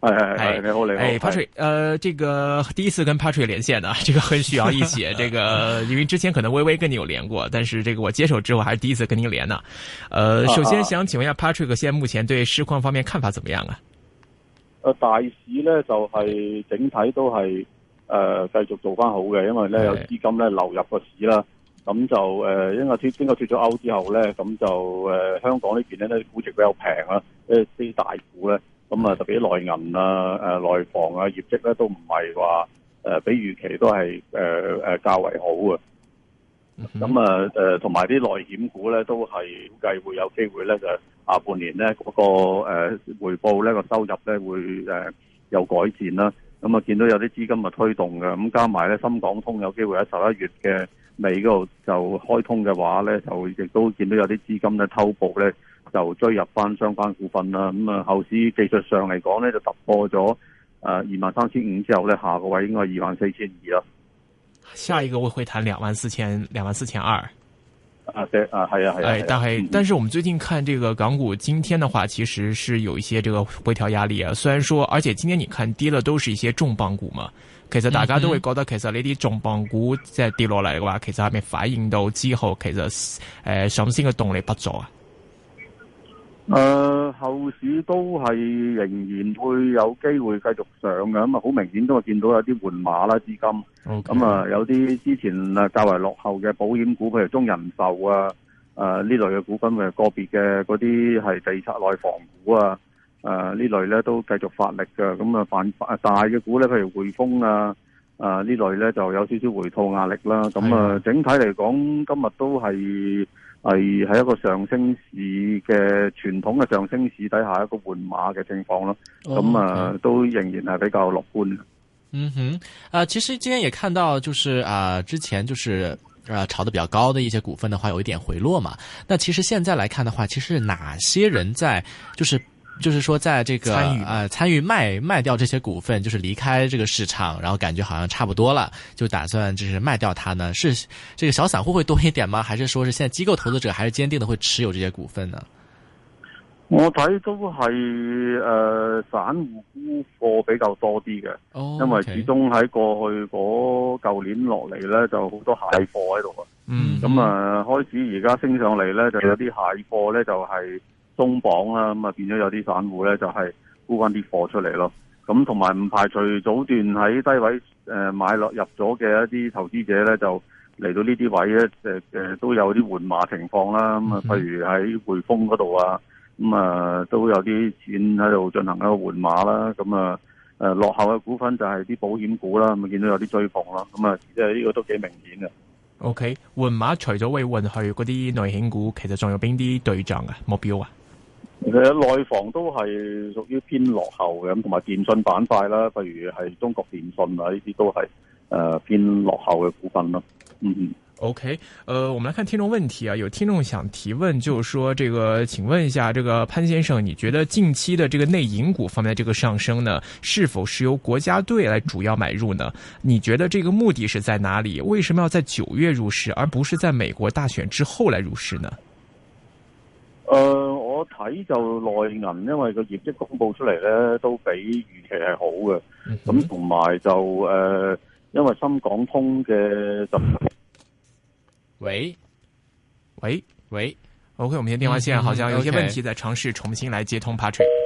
係係係你好你好，你好哎 Patrick、哎、呃，這個第一次跟 Patrick 連線呢、啊，這個很需要一起。 這個因為之前可能微微跟你有連過，但是這個我接手之後，還是第一次跟您連啊。呃，首先想請問一下 Patrick，現在目前對市況方面看法怎麼樣啊？啊大市咧就係、是、整體都係誒、呃、繼續做翻好嘅，因為咧有資金咧流入個市啦。咁就誒、呃，因為脱，因為脱咗歐之後咧，咁就誒、呃、香港呢邊咧估值比較平啦，誒啲大股咧。咁啊，特別內銀啊、呃、內房啊業績咧，都唔係話誒比預期都係誒誒較為好啊。咁啊誒，同埋啲內險股咧，都係估計會有機會咧，就下半年咧嗰、嗰個、呃、回報呢個收入咧會誒有、呃、改善啦。咁啊，見到有啲資金啊推動嘅，咁加埋咧深港通有機會喺十一月嘅尾嗰度就開通嘅話咧，就亦都見到有啲資金咧偷步咧。就追入翻相關股份啦。咁、嗯、啊，後市技術上嚟講咧，就突破咗誒二萬三千五之後咧，下個位應該係二萬四千二啦。下一個我會會談兩萬四千兩萬四千二。啊，係啊，係啊，係、啊。誒，但是但是我們最近看這個港股，今天的話其實是有一些這個回調壓力啊。雖然說，而且今天你看跌了都是一些重磅股嘛。其實大家都會覺得，其實呢啲重磅股即係跌落嚟嘅話，其實係咪反映到之後其實誒、呃、上升嘅動力不足啊？誒、嗯呃，後市都係仍然會有機會繼續上嘅，咁啊，好明顯都係見到有啲換馬啦資金，咁啊 Okay.、嗯呃、有啲之前誒較為落後嘅保險股，譬如中人壽啊，誒、呃、呢類嘅股份，譬如個別嘅嗰啲係地拆內房股啊，誒、呃、呢類咧都繼續發力嘅，咁、嗯、啊反大嘅股咧，譬如匯豐啊，誒、呃、呢類咧就有少少回吐壓力啦，咁、嗯、啊的、嗯、整體嚟講今日都係。係喺一個上升市嘅傳統嘅上升市底下，一個換馬嘅情況咯。咁啊，都仍然係比較樂觀。嗯哼，啊、呃，其實今天也看到，就是啊、呃，之前就是啊，炒、呃、得比較高的一些股份的話，有一點回落嘛。但其實現在來看的話，其實哪些人在就是？就是說，在這個，參與、啊，參與賣賣掉這些股份，就是離開這個市場，然後感覺好像差不多了，就打算就是賣掉它呢？是，這個小散戶會多一點嗎？還是說是現在機構投資者還是堅定的會持有這些股份呢？我睇都係誒、呃、散戶沽貨比較多啲嘅，oh, okay. 因為始終喺過去嗰舊年落嚟咧就好多蟹貨喺度啊，咁啊開始而家升上嚟咧，就有啲蟹貨咧、嗯呃、就係。鬆綁啦，咁啊變咗有啲散戶咧就係、是、沽翻啲貨出嚟咯。咁同埋唔排除早段喺低位誒買落入咗嘅一啲投資者咧，就嚟到呢啲位咧誒誒都有啲換馬情況啦。咁啊，譬如喺匯豐嗰度啊，咁啊都有啲錢喺度進行一個換馬啦。咁啊誒落後嘅股份就係啲保險股啦，咪見到有啲追捧啦。咁啊，即係呢個都幾明顯嘅。OK，換馬除咗會換去嗰啲內險股，其實仲有邊啲對象啊目標啊？其實內房都係屬於偏落後嘅，咁同埋電信板塊啦，譬如係中國電信啊，呢啲都係誒偏落後嘅股份咯。嗯，OK，嗯、呃、誒，我們來看聽眾問題啊，有聽眾想提問，就是說，這個，請問一下，這個潘先生，你覺得近期的這個內銀股方面，這個上升呢，是否是由國家隊來主要買入呢？你覺得這個目的是在哪裏？為什麼要在九月入市，而不是在美國大選之後來入市呢？誒。呃我睇就內銀，因為個業績公布出嚟咧，都比預期係好嘅。咁同埋就誒、呃，因為深港通嘅就。喂喂喂，OK，我哋嘅電話線好像有些問題，再嘗試重新來接通 Patrick。Mm hmm. okay.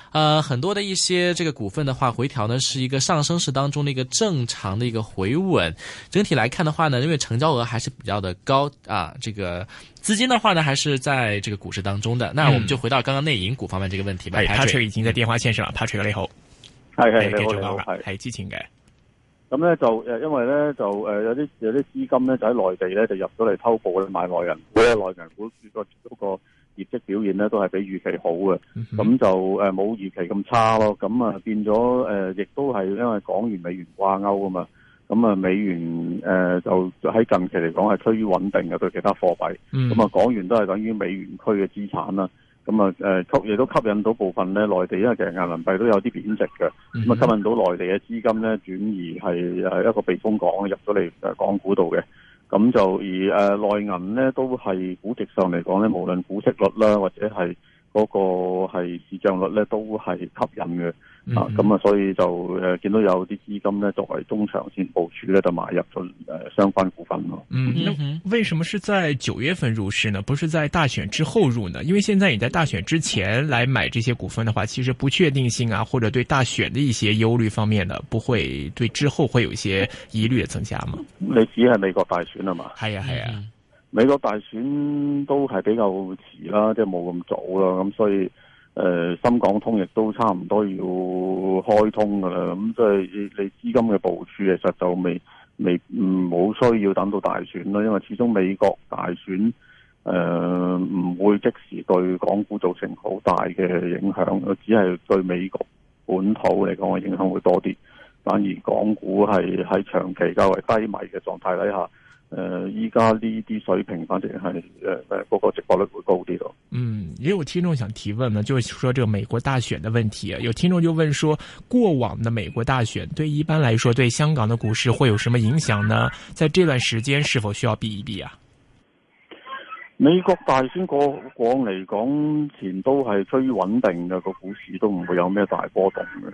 呃，很多的一些這個股份的話，回調呢是一個上升式當中的一個正常的一個回穩。整體來看的話呢，因為成交額還是比較的高啊，這個資金的話呢還是在這個股市當中的。嗯、那我們就回到剛剛內銀股方面這個問題吧。Patrick 已經在電話線上了，Patrick 你好，係係你好，係係之前嘅。咁咧就誒，因為咧就誒、呃、有啲有啲資金咧就喺內地咧就入咗嚟偷步咧買內人，買內人股，個、這個。這個業績表現咧都係比預期好嘅，咁就誒冇預期咁差咯，咁啊變咗誒，亦、呃、都係因為港元美元掛鈎啊嘛，咁啊美元誒、呃、就喺近期嚟講係趨於穩定嘅對其他貨幣，咁啊港元都係等於美元區嘅資產啦，咁啊誒吸亦都吸引到部分咧內地，因為其實人民幣都有啲貶值嘅，咁啊、嗯、哼吸引到內地嘅資金咧轉移係誒一個避風港入咗嚟誒港股度嘅。咁就而誒內銀咧，都係估值上嚟講咧，無論股息率啦，或者係，嗰個係市賬率咧，都係吸引嘅啊。咁、嗯、啊，所以就誒見到有啲資金咧，作為中長線部署咧，就買入咗誒、呃、相關股份咯。嗯，為什麼是在九月份入市呢？不是在大選之後入呢？因為現在你在大選之前來買這些股份的話，其實不確定性啊，或者對大選的一些憂慮方面呢，不會對之後會有一些疑慮嘅增加嘛。你指係美國大選啊嘛？係啊、哎，係、哎、啊。嗯美國大選都係比較遲啦，即係冇咁早啦，咁所以，誒、呃，深港通亦都差唔多要開通噶啦，咁即係你資金嘅部署，其實就未未唔冇需要等到大選啦，因為始終美國大選誒唔、呃、會即時對港股造成好大嘅影響，佢只係對美國本土嚟講嘅影響會多啲，反而港股係喺長期較為低迷嘅狀態底下。誒，依家呢啲水平，反正係誒誒，嗰、呃、個、呃、直播率會高啲咯。嗯，也有聽眾想提問呢就係、是、說，這個美國大選嘅問題，有聽眾就問說過往嘅美國大選，對一般來說，對香港嘅股市會有什麼影響呢？在這段時間是否需要避一避啊？嗯、美國大選過往嚟講，前都係趨於穩定嘅，個股市都唔會有咩大波動嘅。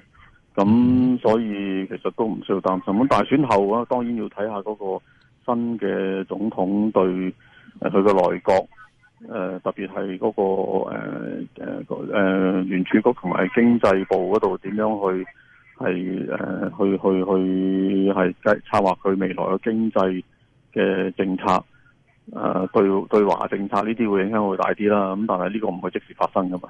咁所以其實都唔需要擔心。咁大選後啊，當然要睇下嗰、那個。新嘅總統對佢個內閣，呃、特別係嗰、嗰個誒誒、呃呃呃呃呃、聯儲局同埋經濟部嗰度點樣去係誒、呃、去去去係策劃佢未來嘅經濟嘅政策，誒、呃、對,對華政策呢啲會影響會大啲啦。咁但係呢個唔會即時發生㗎嘛。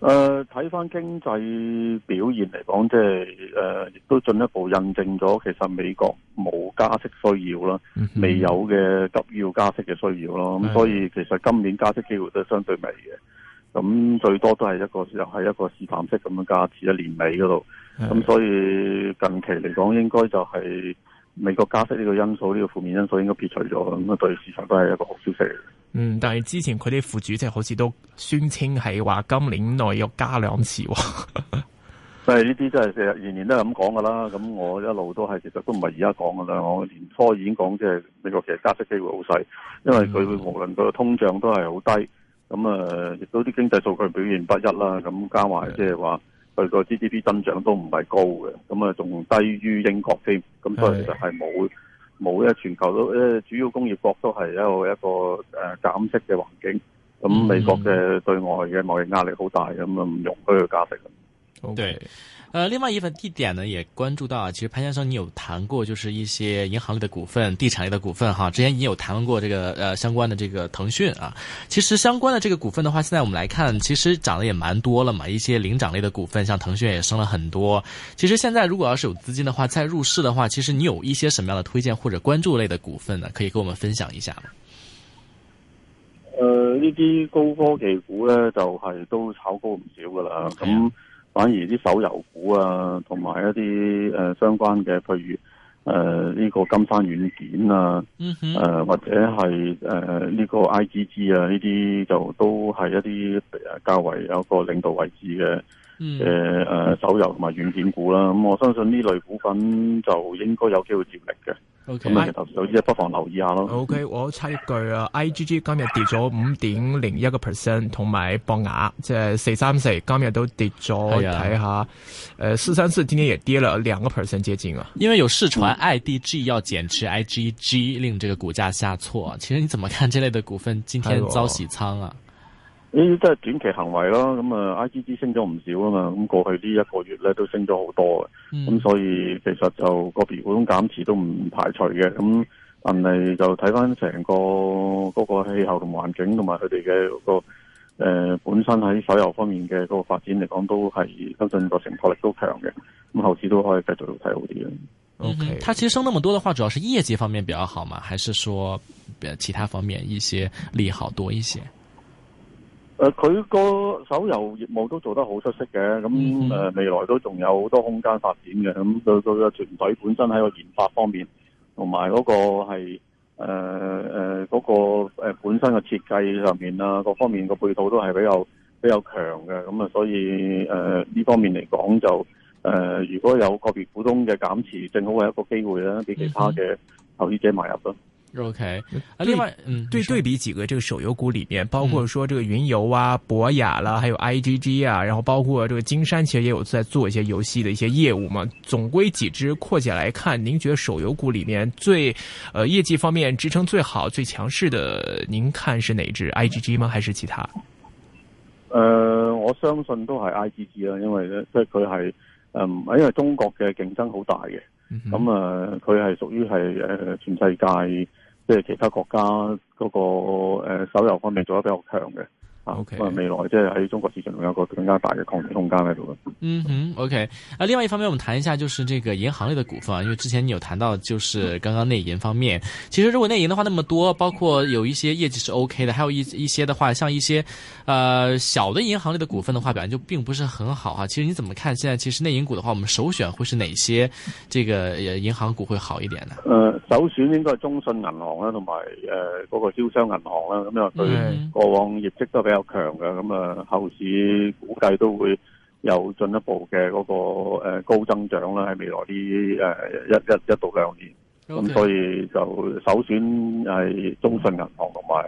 誒，睇翻、呃、經濟表現嚟講，即係誒，亦、呃、都進一步印證咗，其實美國冇加息需要啦，未有嘅急要加息嘅需要咯。咁 所以其實今年加息機會都係相對微嘅，咁最多都係一個又係一個試探式咁樣加至一年尾嗰度。咁 所以近期嚟講，應該就係美國加息呢個因素呢、呢個負面因素應該撇除咗，咁啊對市場都係一個好消息嚟。嗯，但係之前佢啲副主席好似都宣稱係話今年內要加兩次，即係呢啲真係成日年年都係咁講噶啦。咁我一路都係，其實都唔係而家講噶啦。我年初已經講，即係美國其實加息機會好細，因為佢會無論佢個通脹都係好低，咁啊亦都啲經濟數據表現不一啦。咁加埋即係話佢個 GDP 增長都唔係高嘅，咁啊仲低於英國添，咁所以其實係冇。是的冇，因為全球都誒，主要工業國都係一個一個誒減息嘅環境。咁美國嘅對外嘅貿易壓力好大，咁啊唔容許佢加息。Okay. 對，呃，另外一份地點呢，也關注到啊。其實潘先生，你有談過，就是一些銀行類的股份、地產類的股份哈。之前你有談論過這個呃相關的這個騰訊啊。其實相關的這個股份的話，現在我們來看，其實漲得也蠻多了嘛。一些領漲類的股份，像騰訊也升了很多。其實現在如果要是有資金的話，再入市的話，其實你有一些什麼樣的推薦或者關注類的股份呢？可以跟我們分享一下呢？呃，呢啲高科技股呢，就係、是、都炒高唔少噶啦，咁。Okay. 反而啲手遊股啊，同埋一啲誒、呃、相關嘅，譬如誒呢、呃這個金山軟件啊，誒、嗯哼呃、或者係誒呢個 IGG 啊呢啲，就都係一啲誒較為有一個領導位置嘅誒誒手遊同埋軟件股啦、啊。咁、嗯、我相信呢類股份就應該有機會接力嘅。咁咪不妨留意下咯。O、okay, K，、okay, 我猜一句啊，I G G 今日跌咗五點零一個 percent，同埋博雅即係四三四，就是、34, 今日都跌咗睇、哎、呀下。誒、呃，四三四今天也跌了兩個 percent 接近啊。因為有市傳 I D G 要減持 I G G 令這個股價下挫，其實你怎麼看這類的股份今天遭洗倉啊？哎呢啲都係短期行為咯，咁啊，I G G 升咗唔少啊嘛，咁過去呢一個月咧都升咗好多嘅，咁、嗯啊、所以其實就個別股種減持都唔排除嘅。咁、啊、但係就睇翻成個嗰個氣候同環境，同埋佢哋嘅個誒本身喺手遊方面嘅個發展嚟講，都係相信個承托力都強嘅，咁、啊、後次都可以繼續睇好啲咯。O K，佢其實升那麼多嘅話，主要係業績方面比較好嘛，還是說其他方面一些利好多一些？誒，佢個手游業務都做得好出色嘅，咁誒未來都仲有好多空間發展嘅，咁對到個團隊本身喺個研發方面，同埋嗰個係誒誒嗰個誒本身嘅設計上面啊，各方面個配套都係比較比較強嘅，咁啊所以誒呢、呃、方面嚟講就誒、呃、如果有個別股東嘅減持，正好係一個機會啦，俾其他嘅投資者買入 OK，啊，另外，嗯，對，對比幾個這個手遊股裡面，嗯、包括說這個雲遊啊、博雅啦、啊，還有 IGG 啊，然後包括這個金山，其實也有在做一些遊戲的一些業務嘛。總歸幾支擴解來看，您覺得手遊股裡面最，呃，業績方面支撐最好、最強勢的，您看是哪支 IGG 嗎？還是其他？呃，我相信都係 IGG 啊，因為咧，即係佢係，嗯，因為中國嘅競爭好大嘅，咁啊、嗯哼，佢係、呃、屬於係誒全世界。即係其他國家嗰個誒手遊方面做得比較強嘅。OK，未來即係喺中國市場仲有個更加大嘅空間喺度。嗯哼，OK。Okay. 另外一方面，我們談一下，就是這個銀行類的股份，因為之前你有談到，就是剛剛內銀方面。其實如果內銀的話，那麼多，包括有一些業績是 OK 的，還有一一些的話，像一些，呃，小的銀行類的股份的話，表現就並不是很好啊。其實你怎麼看？現在其實內銀股的話，我們首選會是哪些？這個銀行股會好一點呢？呃，首選應該係中信銀行啦，同埋嗰個招商銀行啦。咁樣對過往業績都比較。強嘅咁啊，後市估計都會有進一步嘅嗰個誒高增長啦，喺未來啲誒一、一、一到兩年，咁所以就首選係中信銀行同埋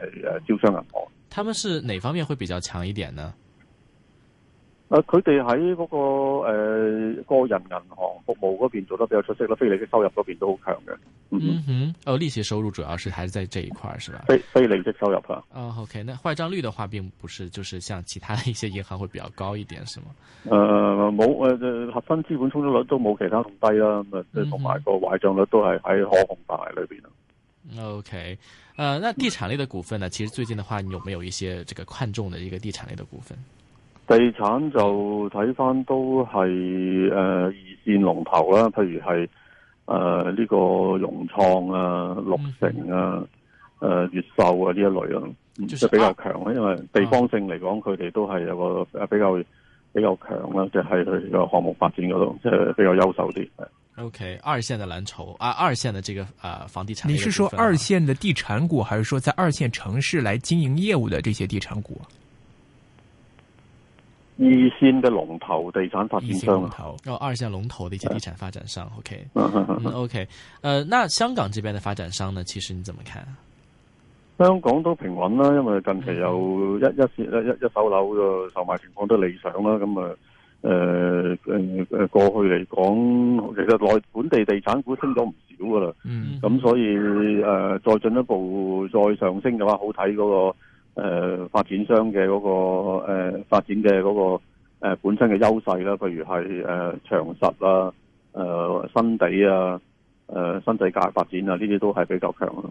誒招商銀行。他們是哪方面會比較強一點呢？誒，佢哋喺嗰個誒、呃、個人銀行服務嗰邊做得比較出色咯，非利息收入嗰邊都好強嘅。嗯哼，誒、哦，利息收入主要是還是在這一塊，是吧？非非利息收入啊。啊，OK，那壞賬率的話，並不是就是像其他的一些銀行會比較高一點，是嗎？誒、呃，冇誒誒，核心資本充足率都冇其他咁低啦。咁啊，同埋、嗯、哼個壞賬率都係喺可控範圍裏邊咯、嗯。OK，誒、呃，那地產類的股份呢？其實最近的話，你有沒有一些這個看重的一個地產類的股份？地產就睇翻都係誒、呃、二線龍頭啦，譬如係誒呢個融創啊、綠城啊、誒越、嗯呃、秀啊呢一類啦，就係、是、比較強啦。因為地方性嚟講，佢哋、啊、都係有個比較比較強啦，即係佢個項目發展嗰度，即、就、係、是、比較優秀啲。OK，二線的藍籌啊，二線的這個啊房地產，你是說二線的地產股，還是說在二線城市來經營業務的這些地產股？二線嘅龍頭地產發展商，然後二線龍頭嘅、哦、一些地產發展商，OK，OK，誒，那香港這邊的發展商呢？其實你怎麼看？香港都平穩啦，因為近期有一、嗯、一一一,一手樓嘅售賣情況都理想啦。咁啊，誒、呃、誒、呃呃、過去嚟講，其實內本地地產股升咗唔少噶啦。嗯，咁所以誒、呃、再進一步再上升嘅話，好睇嗰、那個。誒、呃，發展商嘅嗰、那個誒、呃、發展嘅嗰、那個誒、呃、本身嘅優勢啦，譬如係誒、呃，長實啊、誒、呃，新地啊、誒、呃，新世界發展啊，呢啲都係比較強，咯。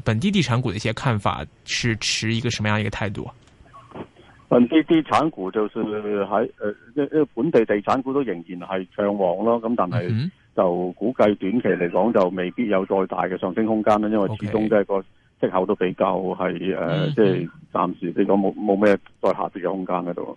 本地地產股嘅一些看法是持一個什麼樣一個態度？本地地產股就算喺誒、呃，本地地產股都仍然係暢旺咯。咁但係就估計短期嚟講就未必有再大嘅上升空間啦。因為始終即係個息口都比較係誒，即係暫時嚟講冇冇咩再下跌嘅空間喺度。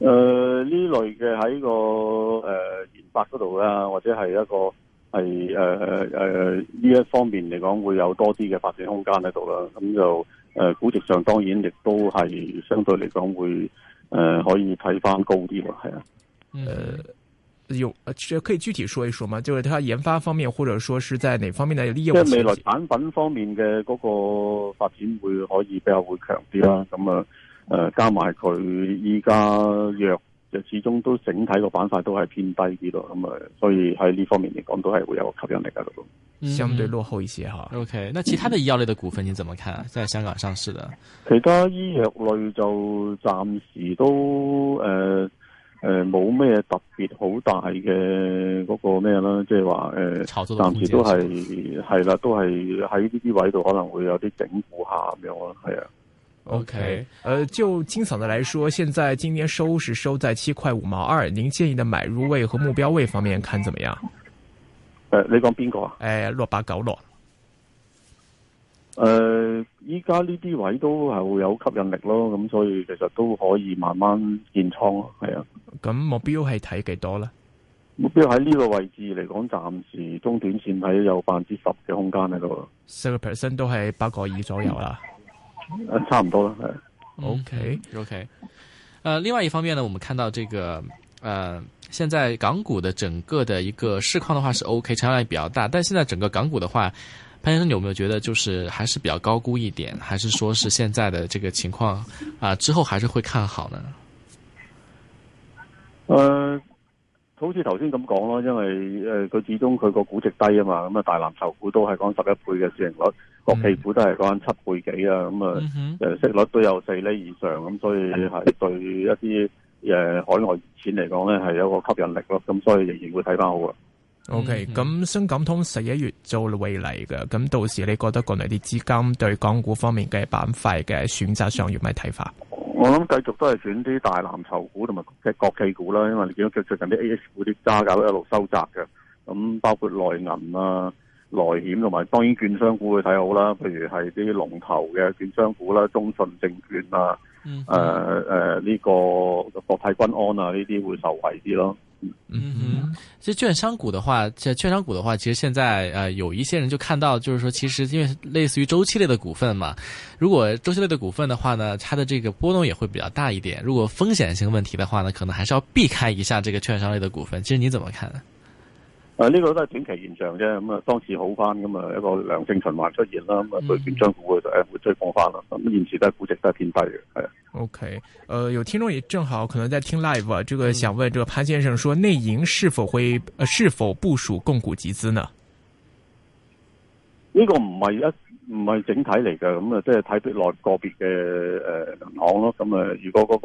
誒，呃這類的在呃、呢類嘅喺個誒研發嗰度啦，或者係一個係誒誒呢一方面嚟講，會有多啲嘅發展空間喺度啦。咁就誒、呃、估值上，當然亦都係相對嚟講會誒、呃、可以睇翻高啲嘅，係啊。誒、呃，誒，可以具體說一說嗎？就是佢研發方面，或者說是在哪方面嘅業務？即係未來產品方面嘅嗰個發展會可以比較會強啲啦。咁啊。嗯嗯誒、呃，加埋佢依家藥，就始終都整體個板塊都係偏低啲咯。咁啊，所以喺呢方面嚟講，都係會有個吸引力噶度、嗯、相對落後一些哈。OK、嗯、那其他的醫藥類的股份你怎麼看？在香港上市的其他醫藥類就暫時都誒誒冇咩特別好大嘅嗰個咩啦，即係話誒，暫、呃、時都係係啦，都係喺呢啲位度可能會有啲整固下咁樣咯，係啊、嗯。OK，誒 Okay.、呃，就清早的來說，現在今年收是收在七塊五毛二，您建議的買入位和目標位方面，看怎麼樣？呃、說哪誒，你講邊個啊？誒、呃，六百九六。誒，依家呢啲位置都係會有吸引力咯，咁所以其實都可以慢慢建倉咯，係啊。咁、嗯、目標係睇幾多咧？目標喺呢個位置嚟講，暫時中短線係有百分之十嘅空間喺度，十個 percent 都係八個二左右啦。嗯差唔多啦，係 OK OK。呃，另外一方面呢，我們看到這個，呃，現在港股的整個的一個市況的話是 OK，成交量也比較大，但現在整個港股的話，潘先生，你有沒有覺得就是還是比較高估一點，還是說是現在的這個情況啊、呃、之後還是會看好呢？呃，好似頭先咁講咯，因為，呃佢始終佢個估值低啊嘛，咁啊大藍籌股都係講十一倍嘅市盈率。國企股都係講緊七倍幾啊，咁啊、嗯哼，息率都有四厘以上，咁所以係對一啲誒海外熱錢嚟講咧，係有個吸引力咯，咁所以仍然會睇翻好嘅。O K，咁深港通十一月做未嚟嘅，咁到時你覺得國內啲資金對港股方面嘅板塊嘅選擇上，要咩睇法？我諗繼續都係選啲大藍籌股同埋嘅國企股啦，因為你見到最近啲 A H 股啲揸價都一路收窄嘅，咁包括內銀啊。內險同埋，當然券商股會睇好啦。譬如係啲龍頭嘅券商股啦，中信證券啊，誒誒呢個國泰君安啊，呢啲會受惠啲咯。嗯哼，其實券商股的話，其實券商股的話，其實現在誒、呃、有一些人就看到，就是說其實因為類似於周期類的股份嘛，如果周期類的股份的話呢，它的這個波動也會比較大一點。如果風險性問題的話呢，可能還是要避開一下這個券商類的股份。其實你怎麼看呢？誒，呢、啊，這個都係短期現象啫，咁、嗯、啊，當時好翻，咁啊，一個良性循環出現啦，咁、嗯、啊，券商股嘅誒會追放翻啦，咁現時都係估值都係偏低嘅。OK，誒、呃，有聽眾亦正好可能在聽 live，這個想問，這潘先生說，內銀是否會、呃，是否部署供股集資呢？呢個唔係一唔係整體嚟嘅，咁、嗯、啊，即係睇內個別嘅誒、呃、銀行咯，咁、嗯、啊，如果嗰、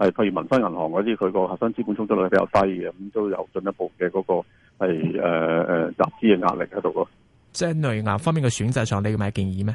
那個係，譬如民生銀行嗰啲，佢個核心資本充足率比較低嘅，咁都有進一步嘅嗰、那個。係誒誒集資嘅壓力喺度咯，即係內銀方面嘅選擇上，你有咩建議咩？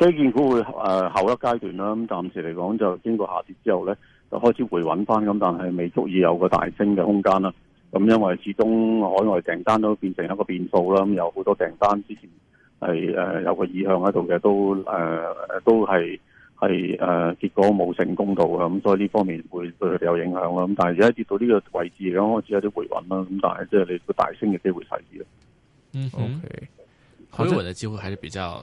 基建股會誒後一階段啦，咁暫時嚟講就經過下跌之後咧，就開始回穩翻咁，但係未足以有個大升嘅空間啦。咁因為始終海外訂單都變成一個變數啦，咁有好多訂單之前係誒有個意向喺度嘅，都誒都係係誒結果冇成功到呀，咁所以呢方面會對佢哋有影響啦。咁但係而家跌到呢個位置咁，開始有啲回穩啦，咁但係即係你個大升嘅機會細啲咯。嗯，OK，海外嘅機會還是比較。